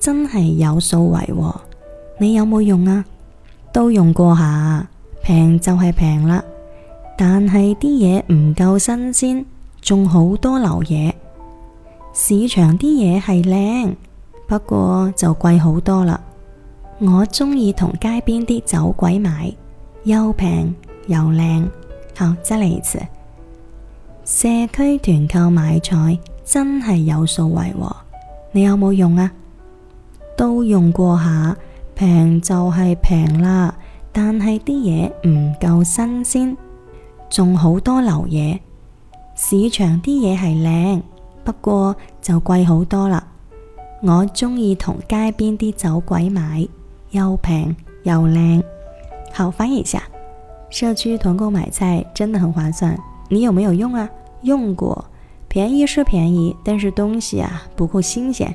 真係有數為喎，你有冇用啊？都用過下，平就係平啦，但係啲嘢唔夠新鮮，仲好多流嘢。市場啲嘢係靚，不過就貴好多啦。我鍾意同街邊啲走鬼買，又平又靚。好，再嚟一次，社區團購買菜真係有數為喎，你有冇用啊？都用過下，平就係平啦，但係啲嘢唔夠新鮮，仲好多流嘢。市場啲嘢係靚，不過就貴好多啦。我鍾意同街邊啲走鬼買，又平又靚。好，翻譯一下，社區團購買菜真的很划算，你有沒有用啊？用過，便宜是便宜，但是東西啊不夠新鮮。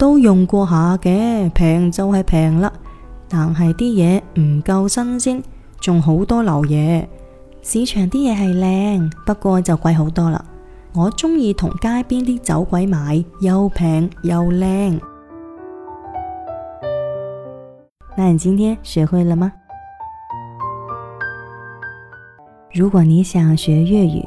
都用過下嘅平就係平啦，但係啲嘢唔夠新鮮，仲好多流嘢。市場啲嘢係靚，不過就貴好多啦。我鍾意同街邊啲走鬼買，又平又靚。那你今天學會了嗎？如果你想學粵語，